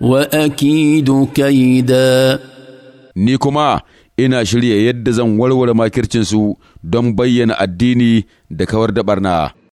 وأكيد كيدا ni kuma ina shirya yadda zan warware makircinsu don bayyana addini da kawar da barna.